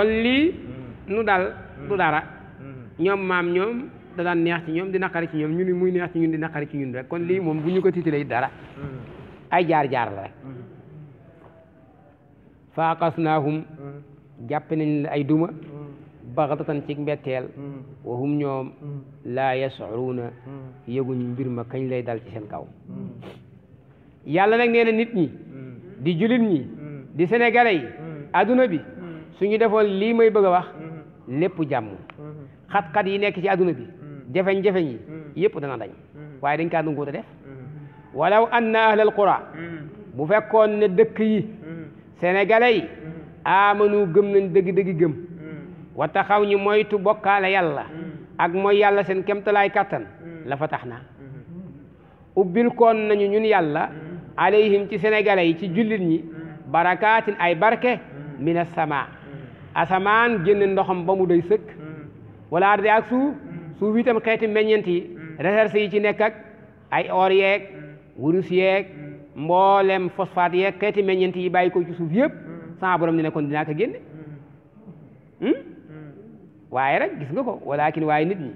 kon lii mm. nu dal mm. du dara mm. ñoom maam ñoom da daan neex ci ñoom di naqari ci ñoom ñu ni muy neex ci ñun di naqari ci ñun rek kon lii moom bu ñu ko tiitalee dara ay jaar-jaar la rek faaqasnaahum jàpp nañ ay duma baxtatan ci mbeteel wa hum ñoom laa yas'uruuna yëguñ mbir ma kañ lay dal ci seen kaw yàlla nag nee nit ñi di jullit ñi di sénégalais yi bi suñu defoon lii may bëgg a wax mhm. lépp jàmm mhm. xat-xat yi nekk ci àdduna bi mhm. jafeñ-jafeñ yi yëpp dana dañ waaye dañ kaa nanguwut a def walaw anna ahlal qura bu fekkoon ne dëkk yi sénégalais yi amanu gëm nañ dëgg-dëgg gëm wa taxaw ñi moytu bokkaale yàlla ak mooy yàlla seen kemtalaay kàttan la fa tax na ubbil koon nañu ñun yàlla alayhim ci sénégalais yi ci jullit ñi barakaatin ay barke mina sama asamaan génne ndoxam bamu mu doy sëkk hmm. wala ardi ak suuf hmm. suuf itam xeeti meññent yi hmm. ressources yi ci nekk ak ay or yeeg wurus yeeg mboolem phosphate yeeg xeeti meññent yi bàyyi ko ci suuf yëpp sama borom ne ne kon dinaa waaye rek gis nga ko walakin waaye nit ñi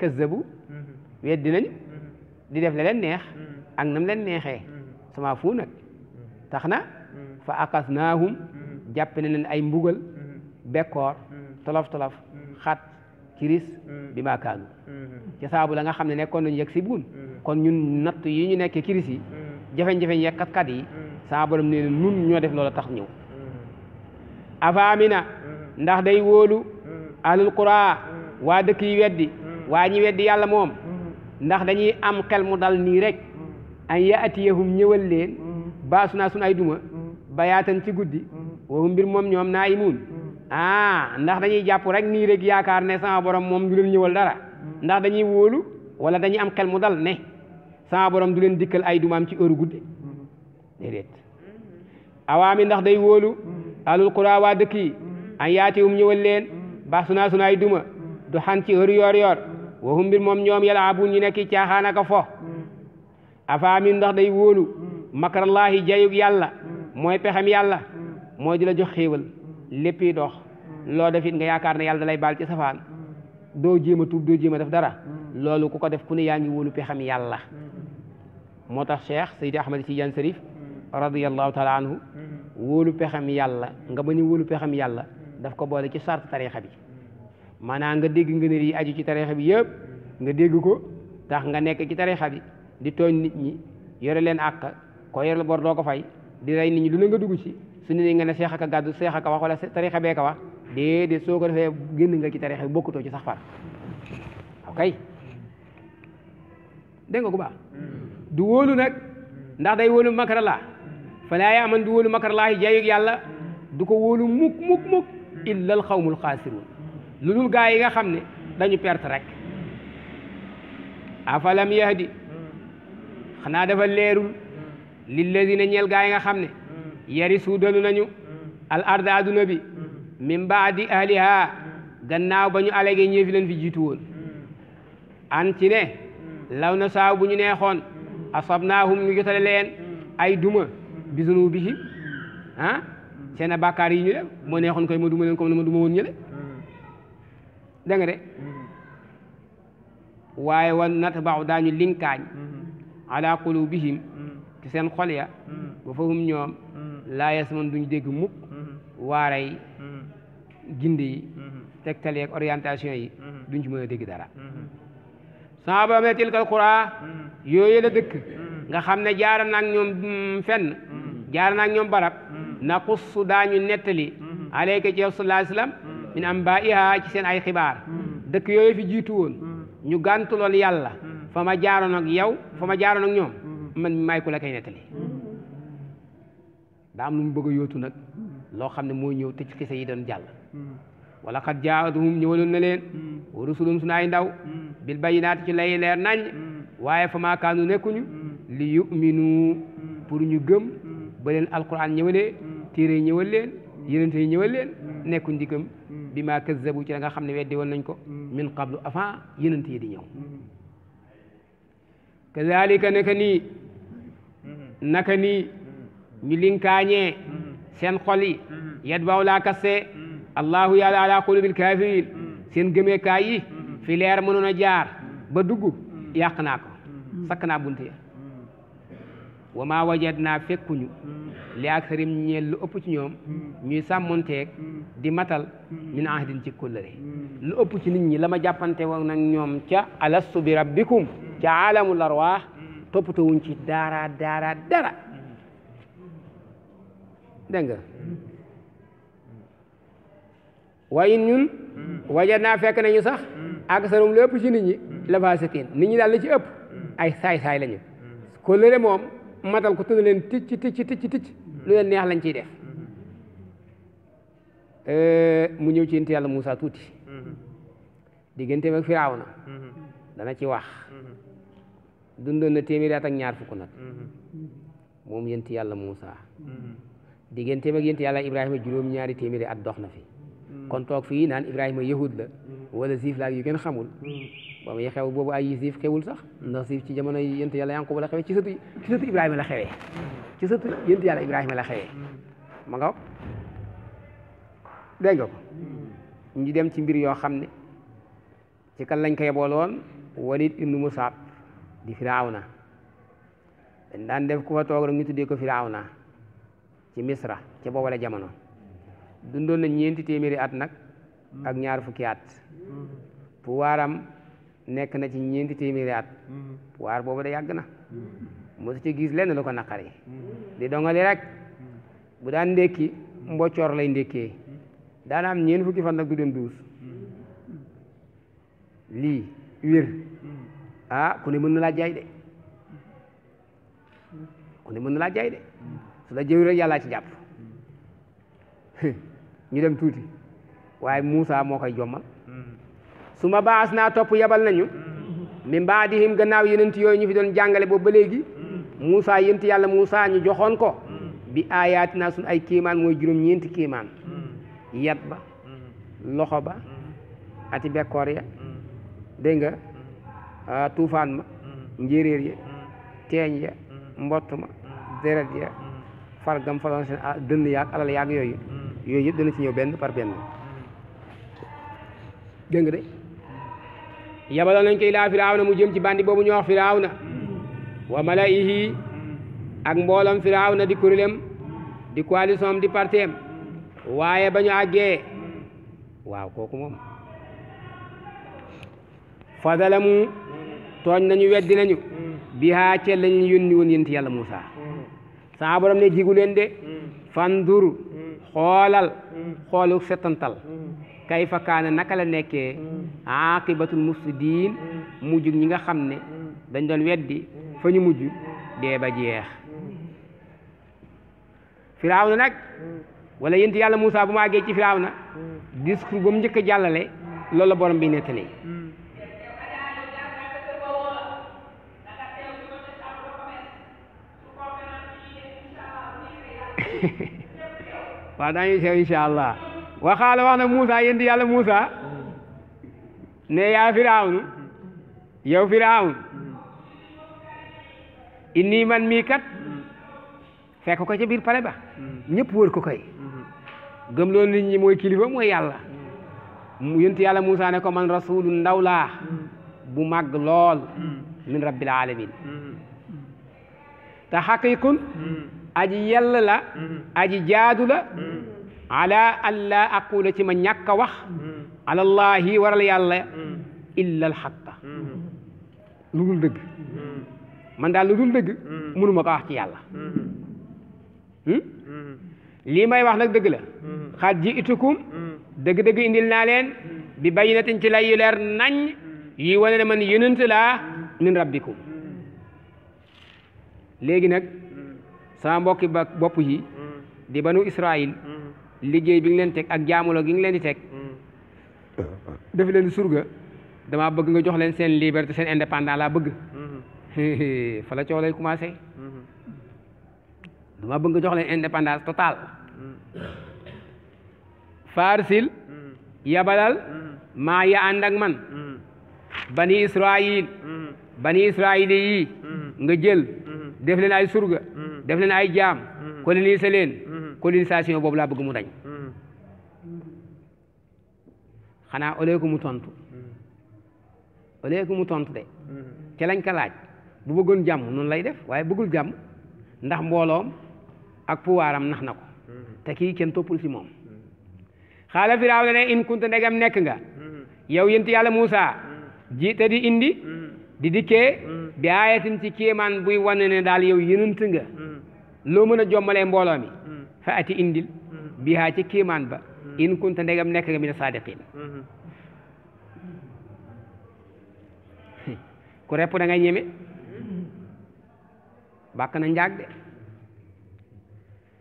kazzabu weddi nañu di def la leen neex ak nam leen neexee sama fu nag tax na fa aqasnaahum jàppe ne leen ay mbugal bekkoor tolof-tolof mm. mm. xat kiris mm. bi maa kaanu mm-hmm. ci saabu la nga xam ne nekkoon nañu yegg si buun mm-hmm. kon ñun natt yi ñu nekkee kiris yi jafe-jafe yegg kat-kat yi saa la nee na nun ñoo def loola tax ñëw mm-hmm. afaamina ndax day wóolu ahlul qura waa dëkk yi weddi waa ñi weddi yàlla moom ndax dañuy am xel mu dal nii rek an yaatiyahum ñëwal leen baasu naa sun ay duma bayaatan ci guddi wahum mbir moom ñoom naa imuun ah ndax dañuy jàpp rek nii rek yaakaar ne sama borom moom du leen ñëwal dara ndax dañuy wóolu wala dañuy am xel mu dal ne sama borom du leen dikkal ay dumaam ci heure gudde déedéet awaami ndax day wóolu alul qura waa dëkk yi an yaati um ñëwal leen baax sunaa sunaay duma du xan ci heure yoor yoor waxum mbir moom ñoom yàlla abun ñu nekk caaxaan ak fo afaami ndax day wóolu makarallaahi jayug yàlla mooy pexem yàlla mooy di la jox xéewal lépp yi dox mm. loo def it nga yaakaar ne yàlla da lay baal ci safaan mm. doo jéem a tuub doo jéem a def dara mm. loolu ku ko def ku ne yaa ngi wóolu pexam yàlla moo tax cheikh saydi ahmad tidiane sarif radiallahu taala anhu wóolu pexam yàlla nga bañ a wóolu pexam yàlla daf ko boole ci sart tarixa bi maanaam nga dégg nga ngëneel yi aju ci tarixa bi yëpp nga dégg ko tax nga nekk ci tarixa bi di tooñ nit ñi yore leen àq ko yore bor doo ko fay di rey nit ñi lu ne nga ci su ne nga ne seex aka gàddu seex aka wax wala tarixa bee ka wax déedéet soo ko defee génn nga ki tarixa bi bokkutoo ci sax far ok dégg nga ku baax mm. du wóolu nag ndax day wóolu makara laa falaa yaaman du wóolu makara yi jayug yàlla du ko wóolu mukk mukk mukk illal xawmul xaasiruun lu dul gaa yi nga xam ne dañu perte rek afalam yahdi mm. xanaa dafa leerul mm. lilladina ñeel gaa yi nga xam ne yari suudalu nañu mm. al arda aduna bi mm. min baadi ahliha mm. gannaaw ba ñu alege ñee fi fi jiitu woon an law na saaw bu ñu neexoon asabnaahum ñu jotale leen ay duma bi zunubihim ah seen a yi ñu def moo neexoon koy ma duma leen comme ne ma duma woon ñële da nga de waaye wan natbau daañu linkaañ ala qulubihim ci seen xol ya ba fahum ñoom laa yasman duñ dégg mukk mm-hmm. waare yi mm-hmm. gindi yi mm-hmm. tegtal orientation yi duñ ci mën dégg dara sama ba mee tilkal yooyu la dëkk nga xam ne jaaro naag ñoom mm, fenn jaara naag ñoom barab na xussu daañu nettali aleyka ci seen ay xibaar dëkk yooyu fi jiitu woon ñu gàntuloon yàlla fa ma jaaroon ak yow fa ma jaaroon nag ñoom man maay ku la nettali daa am lu mu bëgg yootu nag loo xam ne moo ñëw te ci xisa yi doon jàll hmm. wala xat jaatuhum ñëwaloon na leen hmm. wa rusulum sunu ay ndaw hmm. bil bayinaati ci lay leer nañ waaye fa maa kaanu nekkuñu li nu pour ñu gëm ba leen alquran ñëwalee téere ñëwal leen yénente ñëwal leen nekkuñ di gëm bi ma kazzabu ci la nga xam ne weddi woon nañ ko min qablu avant yénente yi di ñëw kazalika naka nii naka nii ñu linkaañee mm-hmm. seen xol yi mm-hmm. yet baw laa kasse mm-hmm. allahu yàlla ala qulubil kafirin seen gëmeekaay yi fi leer mënoon a jaar ba dugg yàq naa ko sakk naa bunte ya wa maa wajad naa fekkuñu li ak sarim ñeel lu ëpp ci ñoom ñuy sàmmonteeg di matal min ahdin ci kóllëre lu ëpp ci nit ñi la ma jàppante woon nag ñoom ca alastu bi rabbikum ca alamul arwaax toppatoo ci daara daara dara dégg nga waaye ñun waja naa fekk nañu sax ak sarum lépp ci nit la faasiqiin nit ñi daal la ci ëpp ay saay-saay lañu kóllëre moom matal ko tudd leen ticc ticc ticc ticc lu neex lañ ciy def mu ñëw ci yonent yàlla musa tuuti digganteem ak Firawna dana ci wax dundoon na téeméeri at ak ñaar fukk moom yonent yàlla Moussa digganteem ak yént yàlla ibrahima juróom-ñaari téeméeri at dox na fi mm. kon toog fii naan ibrahima yahud la mm. wala siif la ak yu kenn xamul mm. xew boobu ay siif xewul sax ndax siif ci jamono yént yàlla yankuba la xewee ci ibrahima la xewee ci sëtu yént yàlla ibrahima la xewee ma nga dégg nga ko dem ci mbir yoo xam ne ci kan lañ koy booloon walid ibnu di firawna dañ daan def ku fa toog rek ñu tuddee ko firawna ci misra ci boobale jamono dundoon na ñeenti téeméeri at nag ak ñaar fukki at pouvoiram nekk na ci ñeenti téeméeri at pouvoir boobu da yàgg na mosu ci gis lenn lu ko naqari di dongali rek bu daan ndékki mboccoor lay ndékkee daana am ñeent fukki fan nag du dem duus lii wir ah ku ne mën na laa jaay de ku ne mën na laa jaay de su la jëwi rek yàllaa ci jàpp ñu dem tuuti waaye muusa moo koy jommal su ma baas naa topp yabal nañu min baadihim gannaaw yonent yooyu ñu fi doon jàngale boobu ba léegi Moussa yonent yàlla Moussa ñu joxoon ko bi aayaati naa suñu ay kiimaan mooy juróom-ñeenti kiimaan yat ba loxo ba ati bekkoor ya dégg ah, tuufaan ma njéeréer ya teeñ ya mbott ma deret ya fargam faroon seen ah, dënn yaag alal yaag yooyu mm. yooyu yëpp dana ci ñëw benn par benn dégg de yabaloon nañ ko ilaa firawna mu jëm ci bandi boobu ñoo wax firawna wa malaihi ak mbooloom firawna di kuréelam di coalition di parteem waaye ba ñu àggee waaw kooku moom fadalamu tooñ nañu weddi nañu mm. bihaa cel lañu yónni woon yénti yàlla Muusa mm. saa borom ne jigu leen de hmm. fandur hmm. xoolal hmm. xoolu setantal kay fa kaana naka la nekkee aqibatul mufsidiin mujj ñi nga xam ne dañ doon weddi fa ñu mujj dee ba jeex na nag wala yént yàlla Moussa bu ma àggee ci na discours ba mu njëkk a jàllale loolu la borom bi nettali waaw daañu sew incha allah waxaala wax na Moussa yéen di yàlla Moussa ne yaa firawnu yow firawnu inni man mii kat fekk ko ca biir pare ba ñëpp wër ko koy gëm loolu nit ñi mooy kilifa mooy yàlla yonent yàlla Moussa ne ko man rasulu ndaw laa bu màgg lool min rabbil alamin mm. te xaqiqun mm. aji yàlla la mm-hmm. aji jaadu la mm-hmm. ala an aqula ci ma ñàkk a wax mm-hmm. alallaahi waral yàlla illa alxaqa lu dul dëgg man daal lu dul dëgg mënuma ko wax ci yàlla hmm? lii may wax nag dëgg la xaat ji itukum dëgg-dëgg indil naa leen bi bayinatin ci lay yu leer nañ yi wane ne man yonent laa min rabbikum léegi nag sama mbokki ba boppu yi mm. di banu Israil mm. liggéey bi leen teg ak jaamulo gi ngi leen di teg mm. def leen surga dama bëgg nga jox leen seen liberté seen indépendant laa bëgg mm-hmm. fa coow lay commencé mm-hmm. damaa bëgg nga jox leen indépendance totale farsil yabalal maa ya ànd man bani Israil bani Israil yi nga jël def leen ay surga def leen ay jaam coloniser mm-hmm. leen colonisation mm-hmm. boobu laa bëgg mu dañ mm-hmm. xanaa au mu tontu au mu tontu de ca lañ ko laaj bu bëggoon jàmm noonu lay def waaye bëggul jàmm ndax mbooloom ak pouvoiram nax na ko te kii kenn toppul ci moom xaala firaaw na ne in kunta ndegam nekk nga yow yent yàlla Muusa ji te di indi di dikkee bi aayatin ci kéemaan buy wane ne daal yow yënant nga loo mën a jommalee mbooloo mi mm. indil mm. bihaa ci kiimaan ba mm. in kunta ndegam nekk nga mina saadiqin mm-hmm. ku repp da ngay ñeme bàkk na njaag de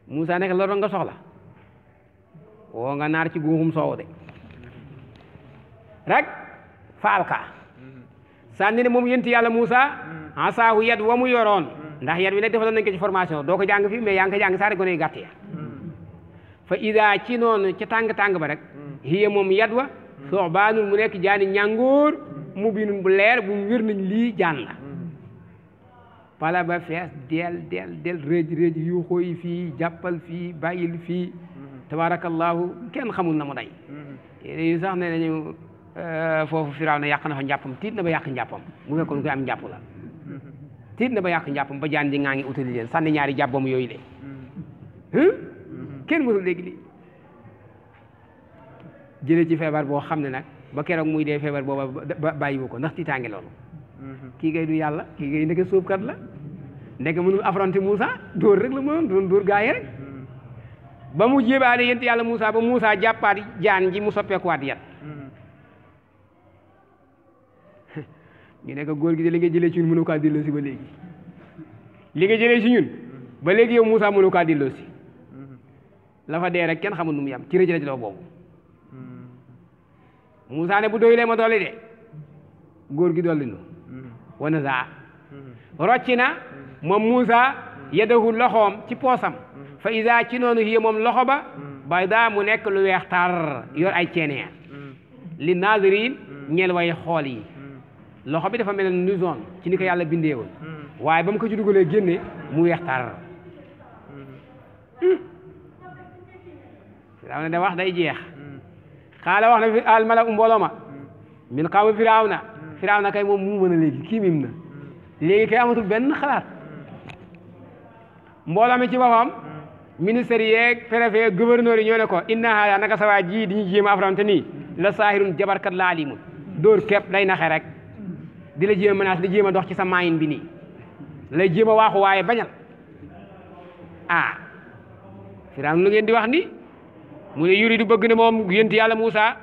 Moussa nekk la doon nga soxla woo nga naar ci guuxum soow de rek fa alka mm-hmm. sànni ne moom yent yàlla Moussa asaahu yet wa mu yoroon ndax yar wi nag defaloon nañ ko ci formation doo ko jàng fii mais yaa ko jàng saare gone yu gàtt ya hmm. fa ida ci noonu ci tàng-tàng ba rek hmm. hiya moom yadwa hmm. soobaanul mu nekk jaani ñàngoor mu binun bu leer bu mu wér nañ lii jaan la pala ba fees del del del rëj rëj yuuxoo fii jàppal fii bàyyil fii tabaarakallaahu kenn xamul na mu day yu sax ne nañu euh, foofu firaaw na yàq na fa njàppam tiit na ba yàq njàppam bu fekkoon koy am njàpp la tiit na ba yàq njàppam ba jaan ji ngaa ngi utali leen sànni ñaari jàppam yooyu le hmm. hmm? hmm. kenn mësul léegi li jëlee ci feebar boo xam ne nag ba keroog muy dee feebar booba bàyyiwu ko ndax tiitaange loolu kii ngay du yàlla kii ngay ndeke sóobkat la ndeke mënul affronter Moussa dóor rek la mënoon doon dóor gaa yi rek ba mu jébaale yent yàlla Moussa ba Moussa jàppaat jaan ji mu soppeekuwaat yat ñu nekk góor gi de li nga jëlee ci ñun mënu kaa delloosi ba léegi li nga jëlee ci ñun ba léegi yow Moussa mënu kaa delloosi la dee rek kenn xamul nu mu yam ci rëcc rëcc ne bu doylee ma dolli góor gi dolli nu wana saa na moom Moussa yadahu loxoom ci poosam fa ci noonu hiya moom loxo ba bay daa mu nekk lu weex tar yor ay ceeneer mm. li naaziriin mm. ñel way xool yi loxo bi dafa mel ni zone ci ni ko yàlla bindee hmm. waaye ba mu ko ci dugalee génne mu weex tàll hmm. Firawna da wax day jeex hmm. xaala wax na fi al mala u mbooloo ma min xawmi na Firawna kay moom mu mën a léegi kii mim na léegi kay amatul benn xalaat mbooloo mi ci boppam ministère yeeg préfet gouverneur yi ñoo ne ko inna haada naka sa waa ji di ñu jéem a aframte nii la saahirun jabarkat la alimun dóor képp day naxe rek di la jéem a menace di jéem a dox ci sa maayin bi nii lay jéem a waaxu waaye bañal ah firaam lu ngeen di wax ni mu ne yuri du bëgg na moom yént yàlla Moussa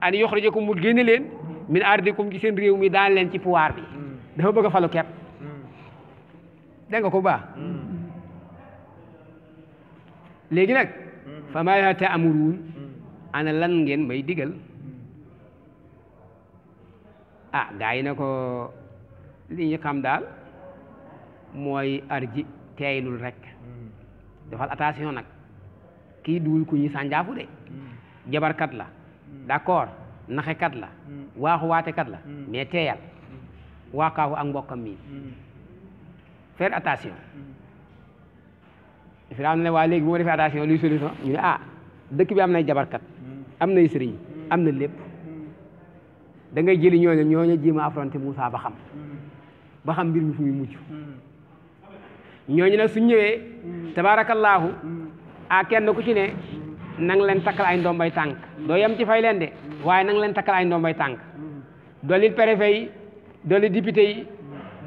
an yuxrijakum mu génne leen min ardikum ci seen réew mi daan leen ci pouvoir bi mm. dafa bëgg a falu kepp mm. dégg ko baax mm. léegi nag fa maa ta'muruun ana lan ngeen may digal a ah, gaa yi ne ko li ñu xam daal mooy arji teeylul rek hmm. defal attention nag kii duwul ku ñu sànjaafu de hmm. jabarkat la hmm. d'accord naxekat la waaxu waatekat la mais teeyal waakaafu ak mbokkam mi faire attention Firaaw ne waa léegi bu ma defee attention luy solution ñu ne ah dëkk bi am nay jabarkat am nay sëriñ am na lépp da ngay jëli ñooñu ñooñu jéem a affronté Moussa ba xam ba xam mbir mi fu muy mujj ñooñu nag suñ ñëwee tabaarakallaahu a kenn ku ci ne nang leen takkal ay ndombay tànk doo yem ci fay leen de waaye nang leen takkal ay ndombay tànk dolli préfet yi dolli député yi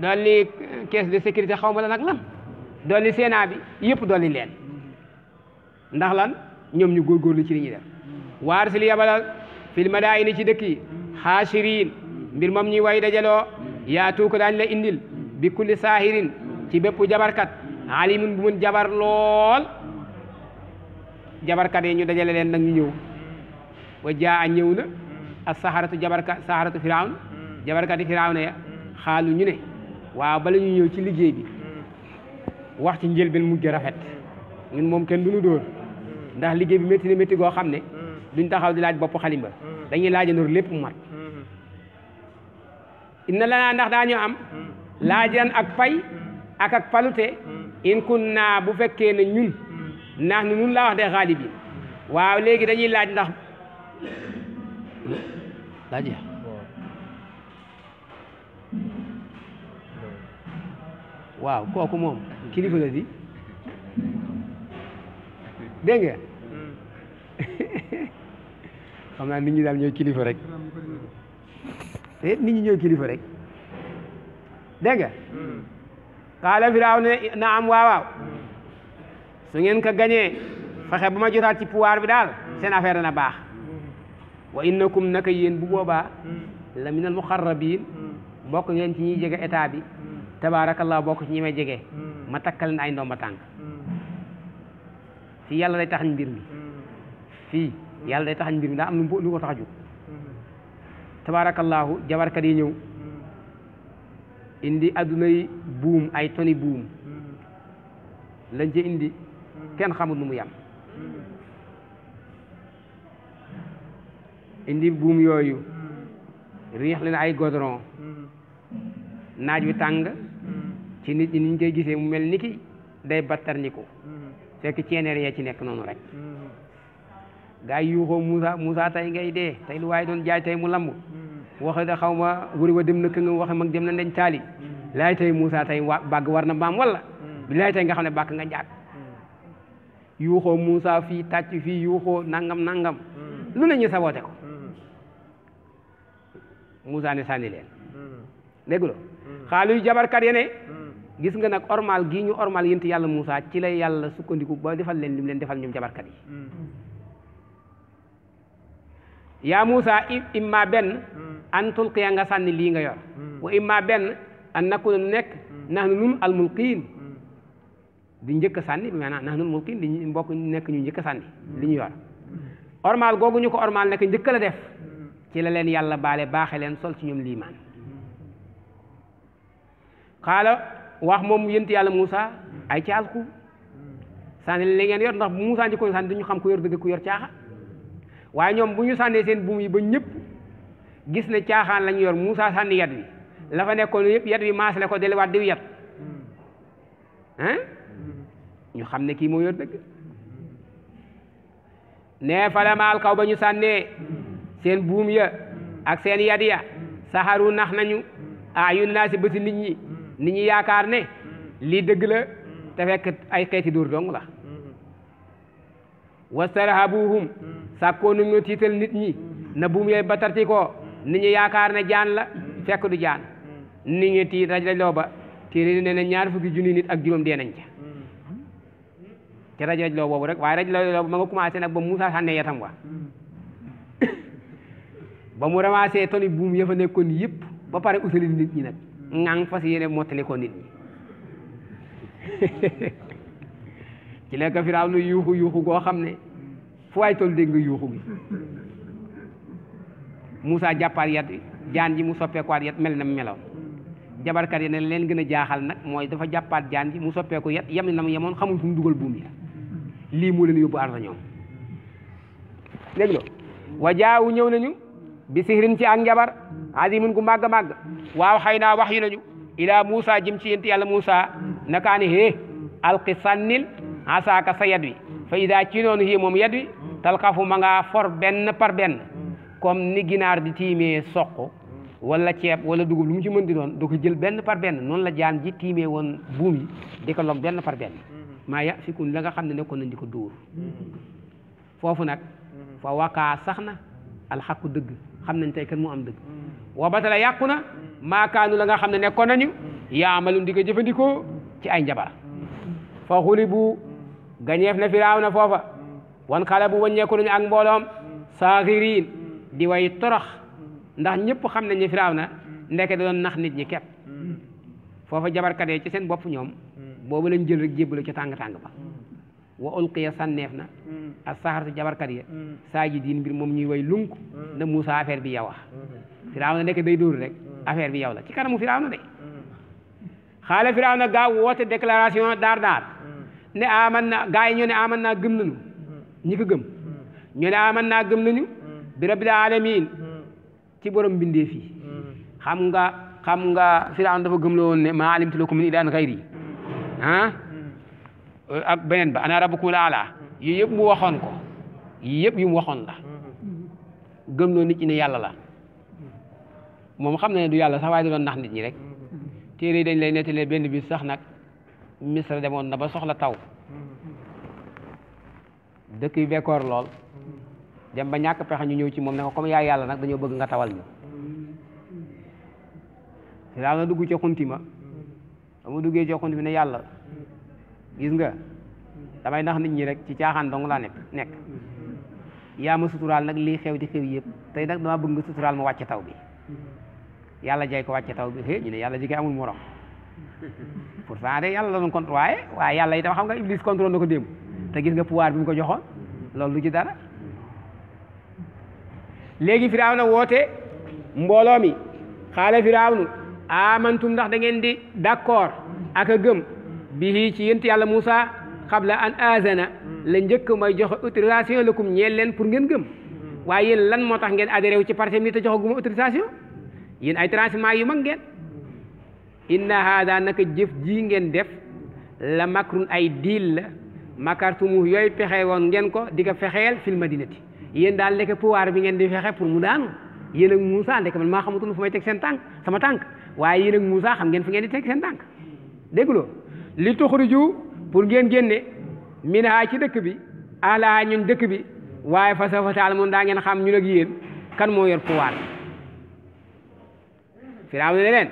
dolli de sécurité xaw ma la nag lan dolli sénat bi yëpp yi leen ndax lan ñoom ñu góorgóorlu ci li ñuy def waar si li yabalal fil madaayini ci dëkk yi xaasiriin mbir moom ñuy way dajaloo yaatu ko daañ la indil bi kulli saahirin ci bépp jabarkat alimun bu mun jabar lool jabarkat yi ñu dajale leen nag ñu ñëw wa jaa a ñëw na ak saharatu jabarkat saharatu firawna jabarkat yi firawna ya xaalu ñu ne waaw bala ñu ñëw ci liggéey bi wax ci njëlbeen mujj rafet ñun moom kenn duñu dóor ndax liggéey bi métti na métti goo xam ne duñ taxaw di laaj bopp xalimba dañuy laajandoor lépp mu mat la lanaa ndax daañu am laajan ak fay ak ak palute in kun naa bu fekkee ne ñun ndax nu nun laa wax de xaalibi waaw léegi dañuy laaj ndax laaj waaw kooku moom kilifa la di dégg nga xam naa nit ñi daal kilifa rek te nit ñi ñooy kilifa rek dégg nga qaala firaaw ne na am waawaaw su ngeen ko gañee fexe ba ma jotaat ci pouvoir bi daal seen affaire dana baax wa innakum naka yéen bu boobaa la minal muqarrabin bokk ngeen ci ñuy jege état bi tabaarakallaa bokk ci ñi may jege ma takkal na ay ndomba tànk fii yàlla day tax mbir mi fii yàlla day taxañ mbir mi daa am lu ko tax a jóg tabaarakallaahu jabarkat yi ñëw indi adduna yi buum ay toni buum lañ ci indi kenn xamul nu mu yam indi buum yooyu riix na ay godron naaj wi tàng ci nit ñi niñ koy gisee mu mel ni ki day battarniku fekk ceeneer yee ci nekk noonu rek gaa yi yuuxoo Moussa Moussa tey ngay dee tey lu waaye doon jaay tey mu lamb mm. waxe da xaw ma wuri wa dem na kë nga waxe mag dem na ndeñ taali mm. laay tey Moussa tey wa bàgg war na mbaam wala bi mm. laay tey nga xam ne bàkk nga njaag yuuxoo Moussa fii tàcc fi yuuxoo nangam nangam lu ne ñu saboote ko Moussa ne sànni leen déggulo xaaluy jabarkat yene gis nga nag ormal gi ñu ormal yent yàlla Moussa ci lay yàlla sukkandiku ba defal leen lu leen defal ñoom jabarkat yi yaa Muusa imma benn hmm. an tulqiya nga sànni lii nga yor hmm. wa imma benn an nakuna nu nekk hmm. nahnu nun almulqiin di njëkk a sànni bi maanaam nahnu almulqiin di mbokk nekk ñu njëkk a sànni li ñu yor ko ormaal nekk njëkk la def ci la leen yàlla baale baaxe leen sol ci ñoom liimaan wax moom yent yàlla Muusa ay caalku sànni li ngeen yor ndax bu Muusa njëkkoon sànni du ñu xam ku yor dëgg ku yor caaxa waaye ñoom bu ñu sànnee seen buum yi ba ñëpp gis ne caaxaan lañu yor Moussa sànni yat wi la fa nekkoon yëpp yat wi maas la ko delluwaat diw yat ñu xam ne kii moo yor dëgg ne falamaal kaw ba ñu sànnee seen buum ya ak seen yat ya saxaru nax nañu ayu naa si bëti nit ñi nit ñi yaakaar ne lii dëgg la te fekk ay xeeti dóor dong la wastarhabuhum sàkkoo nu ñu tiital nit ñi na buum yooyu batarti ko nit ñi yaakaar ne jaan la fekk du jaan nit ñi tiit raj rajloo ba téere nee na ñaar fukki junni nit ak juróom dee nañ ca ca raj rajloo boobu rek waaye raj rajloo ma nga commencé nag ba Moussa sànnee yatam wa ba mu ramassé toni buum ya fa nekkoon yëpp ba pare utali nit ñi nag ngang fas yéene mottali ko nit ñi ci lekk lu yuuxu yuuxu goo xam ne fu waay toll dégg nga yuuxu gi Moussa jàppaat yat jaan ji mu soppeekuwaat yat mel na mu meloon jabarkat yi ne leen gën a jaaxal nag mooy dafa jàppaat jaan ji mu soppeeku yat yem na mu yemoon xamul fu mu dugal buum yi lii moo leen yóbbu arsa ñoom dégg nga wajaawu ñëw nañu bi sihrin ci ak njabar azimun gu màgg màgg waaw xëy naa wax yu nañu ilaa Moussa jëm ci yénti yàlla Moussa nakaani hee alqi sànnil asaaka sa yad wi fa ida ci noonu moom yad talxafu ma ngaa for benn par benn kom mm. ni ginaar di tiimee soq mm. wala ceeb wala dugub lu mu ci mën di doon da jël benn par benn noonu la jaan ji tiimee woon buum yi di ko log benn par benn mm-hmm. maa ya fikun la xam ne nekkoon nañ di ko dóor mm-hmm. foofu nag mm-hmm. fa sax na alxaqu dëgg xam nañ tey kan dëgg wa batala na maakaanu la nga xam ne nekkoon nañu yaamalu di ko jëfandikoo ci ay njabar fa xulibu gañeef na firaaw na foofa wan xale bu wàññeeku nañu ak mbooloom saaxirin mm. di way torox ndax ñëpp xam nañ ne firaaw na mm. ndeke da doon nax nit ñi kepp mm. foofa jabarkat yi ci seen bopp ñoom boobu lañ jël rek jébbalu ci tàng-tàng ba wa ulqiya sànneef na ak saxartu jabarkat ya saajidiin mbir moom ñuy way lunk na Moussa affaire bi yow wax firaaw na ndeke day dóor rek affaire bi yow la ci kanamu firaaw na de xaale firaaw na gaaw woote déclaration daar daar ne aman na gaa yi ñoo ne aman naa gëm nañu ñi ko gëm ñu ne aman naa gëm nañu mm. bi rabbil alamin mm. ci borom mbindeef yi mm. xam nga xam nga firawn dafa gëm la woon ne maa alimtu lakum min ilahin xayri ah uh, ak beneen ba ana rabbukumul aala yii yëpp mu waxoon ko yii yëpp yu waxoon la gëm loo nit ñi ne yàlla la moom xam na ne du yàlla sax waaye da doon nax nit ñi rek téere yi dañ lay nettalee benn bis sax nag misra demoon na ba soxla taw dëkk yi bekkoor lool dem ba ñàkk pexe ñu ñëw ci moom ne ko comme yaay yàlla nag dañoo bëgg nga tawal ñu daa na dugg ci xunti dama duggee ci xunti bi ne yàlla gis nga damay nax nit ñi rek ci caaxaan dong laa nekk nekk yaa ma suturaal nag lii xew di xew yëpp tey nag dama bëgg nga suturaal ma wàcce taw bi yàlla jay ko wàcce taw bi xëy ñu ne yàlla jigéen amul morom pourtant de yàlla la doon contre waaye waaye yàlla itam xam nga iblis contrôle na ko démb te gis nga pouvoir bi mu ko joxoon loolu du ci dara léegi na woote mbooloo mi xaale firawnu amantum ndax da ngeen di d'accord ak a gëm bi ci yent yàlla Moussa xabla an azana la njëkk may joxe autorisation lakum ñeel leen pour ngeen gëm waaye yéen lan moo tax ngeen adhéré wu ci parce mi te joxe guma autorisation yéen ay transhumants yu mag ngeen inna haada naka jëf ji ngeen def la makrun ay diil la makartumuhu yooy pexe woon ngeen ko di ko fexeel fil madinati yéen daal lekk pouvoir bi ngeen di fexe pour mu daanu yéen ak Moussa ndeke man maa xamatul fu may teg seen tànk sama tànk waaye yéen ak Moussa xam ngeen fu ngeen di teg seen tànk dégguloo li tuxriju pour ngeen génne minhaa ci dëkk bi ahlaa ñun dëkk bi waaye fa sawfa ta'lamuun daa ngeen xam ñun ak yéen kan moo yor pouvoir firaaw ne leen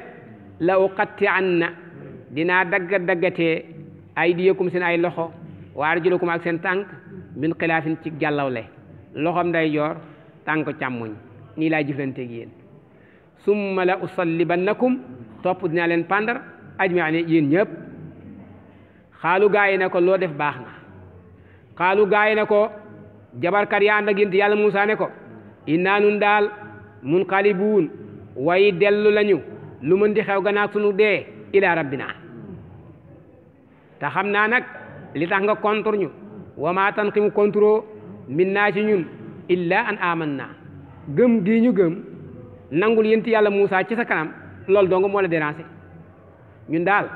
la na dinaa dagga daggatee ay seen ay loxo wa arjulukum ak seen tànk min xilaafin ci gàllawle loxom ndeyjoor tànk càmmooñ nii laay jëflanteeg yéen summa la usallibannakum topp dinaa leen pandar ajmaine yéen ñëpp xaalu gaa yi ne ko loo def baax na xaalu gaa yi ne ko jabarkat yaa ànd ak yéen yàlla Muusaa ne ko innaa nun daal munqalibuun way dellu lañu lu mën di xew gannaaw sunu dee ilaa rabbinaa te xam naa nag li tax nga contre ñu wa maa tanqimu contre min naa ci ñun illa an aman naa gëm gii ñu gëm nangul yent yàlla Moussa ci sa kanam loolu dong moo la déranger ñun daal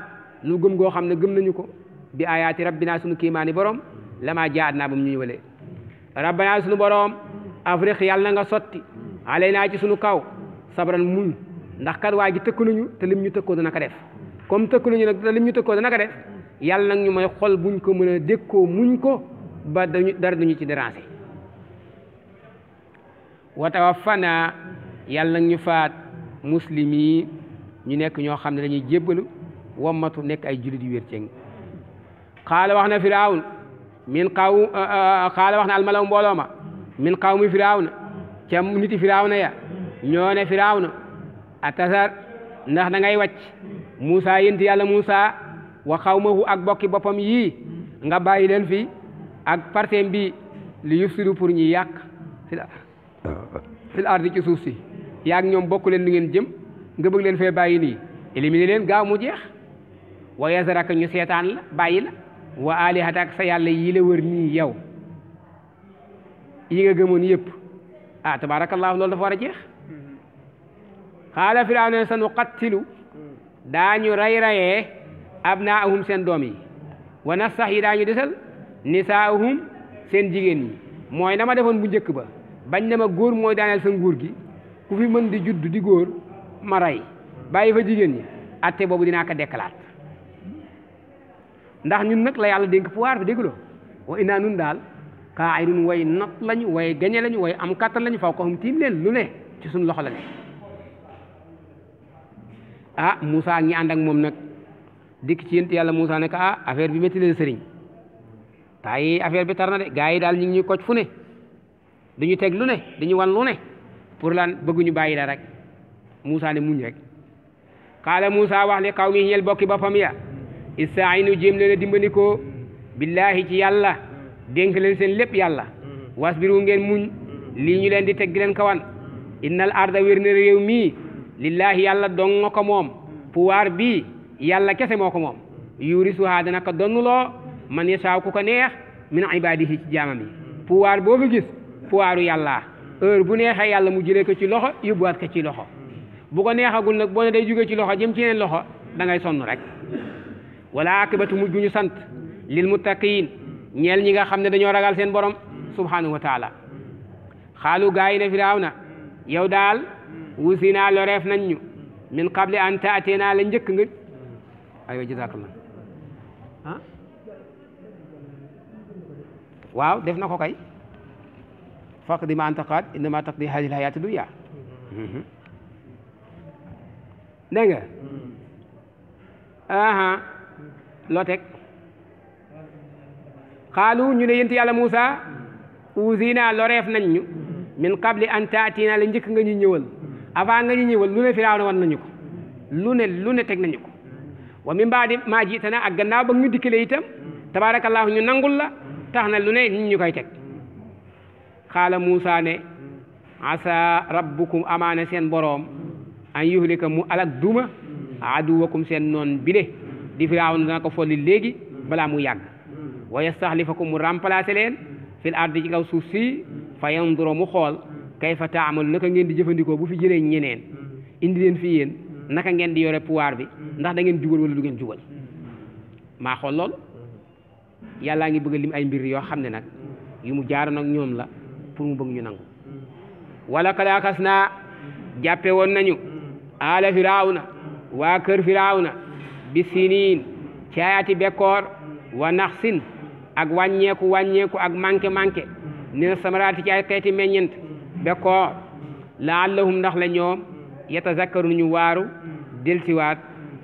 lu gëm goo xam ne gëm nañu ko bi ayaati rabbinaa sunu kiimaani borom lama jaat naa ba mu ñu ñëwalee rabbinaa sunu borom afriq yàlla na nga sotti alay naa ci sunu kaw sabran muñ ndax kat waa ji tëkku nañu te lim ñu tëkkoo dana ko def comme tëkku nañu nag ñu tëkkoo dana ko def yàlla nag ñu may xol buñ ko mën a dékkoo muñ ko ba dañu dara duñu ci déranger wa fanaa yàlla nag ñu faat muslim yi ñu nekk ñoo xam ne dañuy jébbalu wammatu nekk ay jullit yu wér ceng xaala wax na firawn min xaw xaala wax na almalaw mbooloo ma min xaw mi firawna ca niti firawna ya ñoo ne firawna a tasar ndax da ngay Muusa yénti yàlla Muusa wa xawmahu ak bokki boppam yii nga bàyyi leen fi ak parteem bi li yufsidu pour ñi yàq fil ardi ci suuf si yaag ñoom bokku leen lu ngeen jëm nga bëgg leen fee bàyyi nii éliminer leen gaaw mu jeex wa yasaraka ñu seetaan la bàyyi la wa alihata ak sa yàlla yii la wër nii yow yi nga gëmoon yëpp ah tabaarakallaahu loolu dafa war a jeex xaala mm-hmm. firawna sanuqattilu mm. daañu ray rayee naa abnaahum seen doom yi wa sax yi daañu desal nisaahum seen jigéen ñi mooy la ma defoon bu njëkk ba bañ ne ma góor mooy daaneel sa nguur gi ku fi mën di judd di góor ma rey bàyyi fa jigéen ñi atte boobu dinaa ko dekkalaat ndax ñun nag la yàlla dénk pouvoir bi dégguloo wa inaa nun daal kaa ay dun way not lañu way gañe lañu way am kàttan lañu faw ko xum tiim leen lu ne ci suñ loxo la ne ah Moussa ñi ànd moom nag dikk ci yéen yàlla Moussa ne ko ah bi métti leen sëriñ taa yi affaire bi tar de gars yi daal ñu ngi ñuy koj fu ne duñu teg lu ne duñu wan lu ne pour lan bëgguñu bàyyi la rek Moussa ne muñ rek qaala Moussa wax li xaw mi ñeel bokki boppam ya istaayinu jéem leen a dimbandikoo billaahi ci yàlla dénk leen seen lépp yàlla wasbiru ngeen muñ lii leen di teg leen kawan innal arda wér réew mii lillaahi yàlla dong ko moom pouvoir bii yàlla kese moo ko moom yurisuha dana ko donnuloo man yasaaw ku ko neex min ibaadihi ci jaamam yi pouvoir boo fi gis pouvoiru yàlla heure bu neexee yàlla mu jëlee ko ci loxo yóbbuwaat ko ci loxo bu ko neexagul nag boo ne day jóge ci loxo jëm ci yeneen loxo dangay ngay sonn rek wala akibatu mujj ñu sant lil muttaqiin ñeel ñi nga xam ne dañoo ragal seen borom subhanahu wa taala xaalu gaa yi ne firaaw na yow daal wusi naa loreef nañ ñu min qabli an taateenaa la njëkk nga aywa jazakallah ah waaw def na ko kay faq di ma antaqaat innama taqdi haadihi l-hayaati dunya mhm. dégg nga aha loo teg xaalu ñu ne yent yàlla Moussa usina loreef nañ ñu min qabli an taatina la njëkk nga ñu ñëwal avant nga ñu ñëwal lu ne firaaw na wan nañu ko lu ne lu ne teg nañu ko wa min baadi maa jiitana ak gannaaw ba ñu dikkale itam tabaarakallaahu ñu nangul la tax na lu ne nit ñu koy teg xaala Muusa ne asa rabbukum amaana seen boroom an yuhlika mu alak duma aduwakum seen noon bile di Firawna dana ko folli léegi balaa mu yàgg wa yastaxlifakum mu remplacer leen fil ardi ci kaw suuf si fa yanduro mu xool kayfa taamalu naka ngeen di jëfandikoo bu fi jëlee ñeneen indi leen fi yéen naka ngeen di yore pouvoir bi ndax da ngeen jubal wala du ngeen jubal maa xool loolu ngi bëgg lim ay mbir yoo xam ne nag yu mu jaaroon nag ñoom la pour mu bëgg ñu nangu wala kalaakas naa jàppe woon nañu aala na waa kër firawna bi siniin caayaati bekkoor wa naxsin ak wàññeeku wàññeeku ak manqué manqué ne samaraati ci ay xeeti meññent bekkoor ndax la ñoom yatazakkaru ñu waaru delsiwaat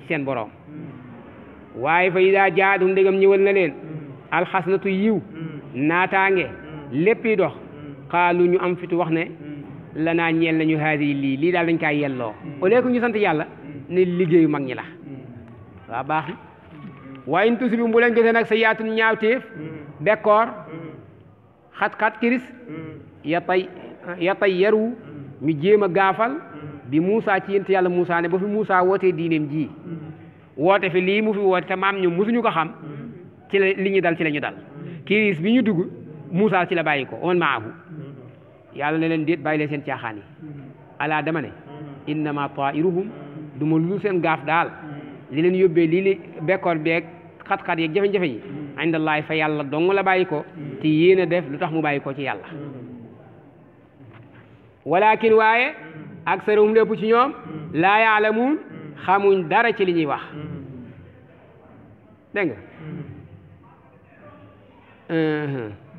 seen borom waaye fa idaa jaadum ndegam ñëwal na leen alxasanatu yiw naataange lépp yi dox xaalu ñu am fitu wax ne lanaa ñeel nañu haadi lii lii daal dañ kaa yelloo au lieu ñu sant yàlla ne liggéeyu mag ñi la waa baax na waaye in tusibu bu leen gisee nag sa yaatun ñaawteef bekkoor xat-xat kiris ya tay ya ñu jéem a gaafal bi Moussa ci yent yàlla Moussa ne ba fi Moussa wootee diineem ji woote fi lii mu fi woote te maam ñu musuñu ko xam ci la li ñu dal ci la ñu dal kiris bi ñu dugg Moussa ci la bàyyi ko on maahu yàlla ne leen déet bàyyi leen seen caaxaan alaa dama ne innama tairuhum du ma lu seen gaaf daal li leen yóbbee lii li bekkoor beeg xat-xat yeeg jafe-jafe yi indallaay fa yàlla dong la bàyyi ko te yéen a def lu tax mu bàyyi ko ci yàlla walakin waaye aksaruhum lépp ci ñoom mm. laa yaalamuun mm. xamuñ dara ci li ñuy wax mm. dégg nga uh-huh.